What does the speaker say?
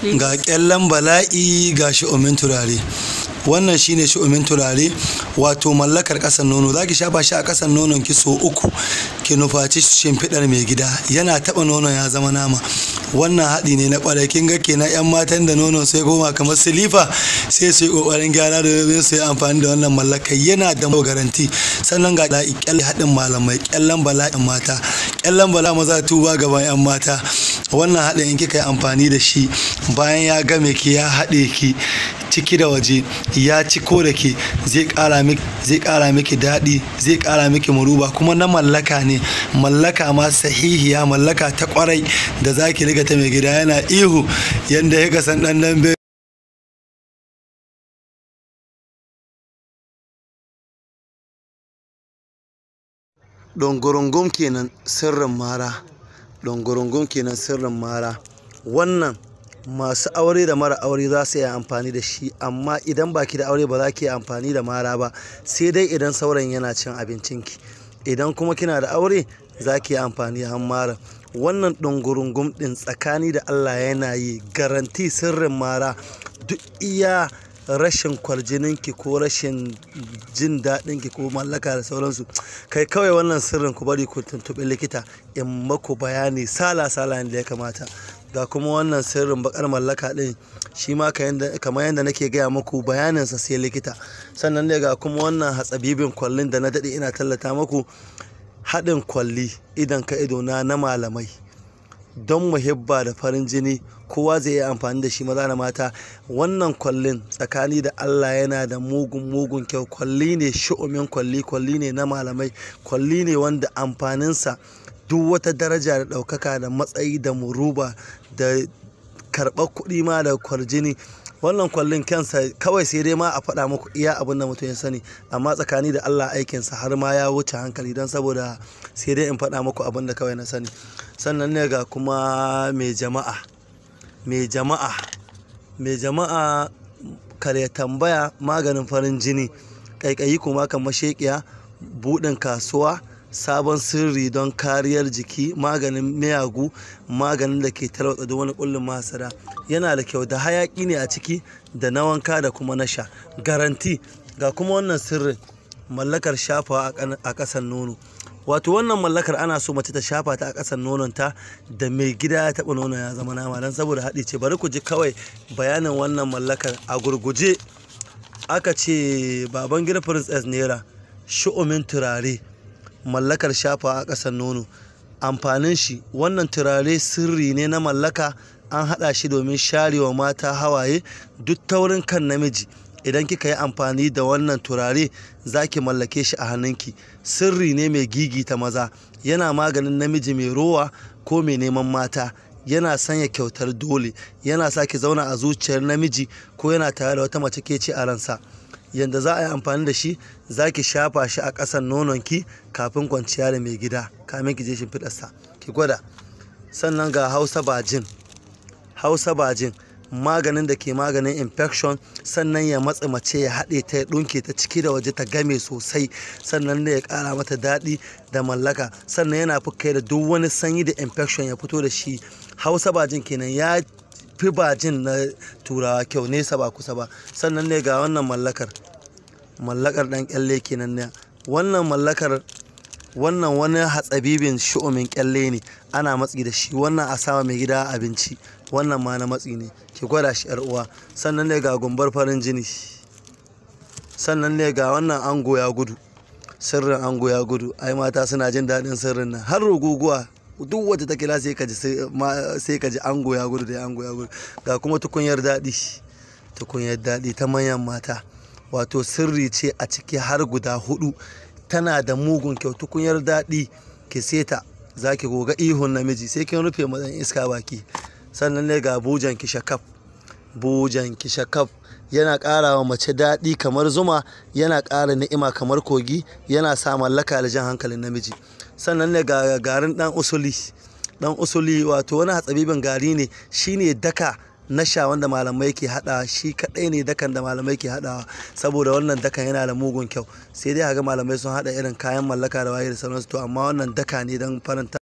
ga kyallan bala'i ga shi'umin turare wannan shine shi'umin turare wato mallakar kasan nono za zaki shafa shi a kasan nonon ki so uku ki nufaci shimfidar mai gida yana taba nono ya zama nama wannan haɗi ne na ƙwarai kin ga kenan yan matan da nonon sai goma kamar silifa sai su yi ƙoƙarin gyara domin su yi amfani da wannan mallakar yana da garanti sannan ga ɗa'i kyalli haɗin malamai ƙyallan bala'in mata ƙyallan bala maza tuba gaban yan mata wannan haɗin in kika yi amfani da shi bayan ya game ki ya haɗe ki ciki da waje ya ci ko da ke zai ƙara miki daɗi zai ƙara miki muruba kuma na mallaka ne mallaka ma sahihiya mallaka ta ƙwarai da zaki riga ta mai gida yana ihu yadda ya kasan ɗan don gurungum kenan sirrin mara dongorongon kenan sirrin mara wannan masu aure da mara aure za su yi amfani da shi amma idan baki da aure ba za ki yi amfani da mara ba sai dai idan sauran yana cin abincinki idan kuma kina da aure za ki yi amfani da mara wannan dongurungum din tsakani da allah yana yi garanti sirrin mara duk iya rashin kwarjininki ko rashin jin daɗinki ko mallaka da sauransu kai kawai wannan sirrin ku bari ku tuntuɓi likita in maku bayani sala sala yadda ya kamata ga kuma wannan sirrin bakar mallaka ɗin shi ma kamar yadda nake gaya muku bayaninsa sai likita sannan ne ga kuma wannan hatsabibin kwallin da na daɗe ina tallata maku haɗin kwalli idan ka ido na malamai don muhibba da farin jini kowa zai yi amfani da shi maza da mata wannan kwallin tsakani da allah yana da mugun mugun kyau kwalli ne sha'umin kwalli kwalli ne na malamai kwalli ne wanda amfaninsa duk wata daraja da ɗaukaka da matsayi da muruba da karɓar kuɗi ma da kwarjini wannan kwallin kansa kawai sai dai ma a faɗa muku iya abin da mutum ya sani amma tsakani da allah aikinsa har ma ya wuce hankali don saboda sai dai in faɗa muku abin da kawai na sani sannan ne ga kuma mai jama'a mai jama'a mai jama'a kare tambaya maganin farin jini ƙaiƙayi kuma kan mashekiya buɗin kasuwa sabon sirri don kariyar jiki maganin miyagu maganin da ke talwatsa da wani kullum masara yana da kyau da hayaƙi ne a ciki da na wanka da kuma na sha garanti ga kuma wannan sirri mallakar shafawa a ƙasan nono wato wannan mallakar ana so mace ta shafa ta a ƙasar nononta da mai gida ya taɓa nono ya zama nama don saboda haɗi ce bari ku ji kawai bayanin wannan mallakar a gurguje aka ce baban gida princess naira shu'umin turare mallakar shafa a ƙasar nono amfanin shi wannan turare sirri ne na mallaka an haɗa shi domin sharewa mata hawaye duk taurin kan namiji idan kika yi amfani da wannan turare za ki mallake shi a hannunki sirri ne mai gigita maza yana maganin namiji mai rowa ko mai neman mata yana sanya kyautar dole yana sa ki zauna a zuciyar namiji ko yana tare da wata mace ke ce a ransa yadda za a yi amfani da shi za ki shafa shi a ƙasan nononki kafin kwanciya da mai gida kamin ki je shimfiɗarsa ki gwada sannan ga hausa bajin hausa bajin maganin da ke maganin infection sannan ya matsa mace ya haɗe ta ya ɗunke ta ciki da waje ta game sosai sannan da ya ƙara mata daɗi da mallaka sannan yana kai da duk wani sanyi da infection ya fito da shi hausa bajin kenan ya fi bajin na turawa kyau nesa ba kusa ba sannan ne ga wannan mallakar mallakar ɗan kyalle kenan ne wannan mallakar wannan wani hatsabibin shu'umin kyalle ne ana matsi da shi wannan a sama mai gida abinci wannan ma na matsi ne ki gwada shi uwa sannan ne ga gumbar farin jini sannan ne ga wannan ango ya gudu sirrin ango ya gudu ai mata suna jin daɗin sirrin nan har roguguwa duk wata ta kila sai ka ji sai ka ya gudu da ango ya gudu ga kuma tukunyar daɗi tukunyar daɗi ta manyan mata wato sirri ce a ciki har guda hudu tana da mugun kyau tukunyar daɗi ki seta za ki goga ihun namiji sai kin rufe mazan iska baki sannan ne ga bujan ki shakaf bujan ki shakaf yana ƙara wa mace daɗi kamar zuma yana ƙara ni'ima kamar kogi yana sa mallaka da jan hankalin namiji sannan ne ga garin ɗan usuli dan usuli wato wani hatsabibin gari ne shine daka na sha wanda malamai ke hada shi kadai ne dakan da malamai ke hadawa saboda wannan dakan yana da mugun kyau sai dai ga malamai sun hada irin kayan mallaka da waye da sauransu to amma wannan daka ne don faranta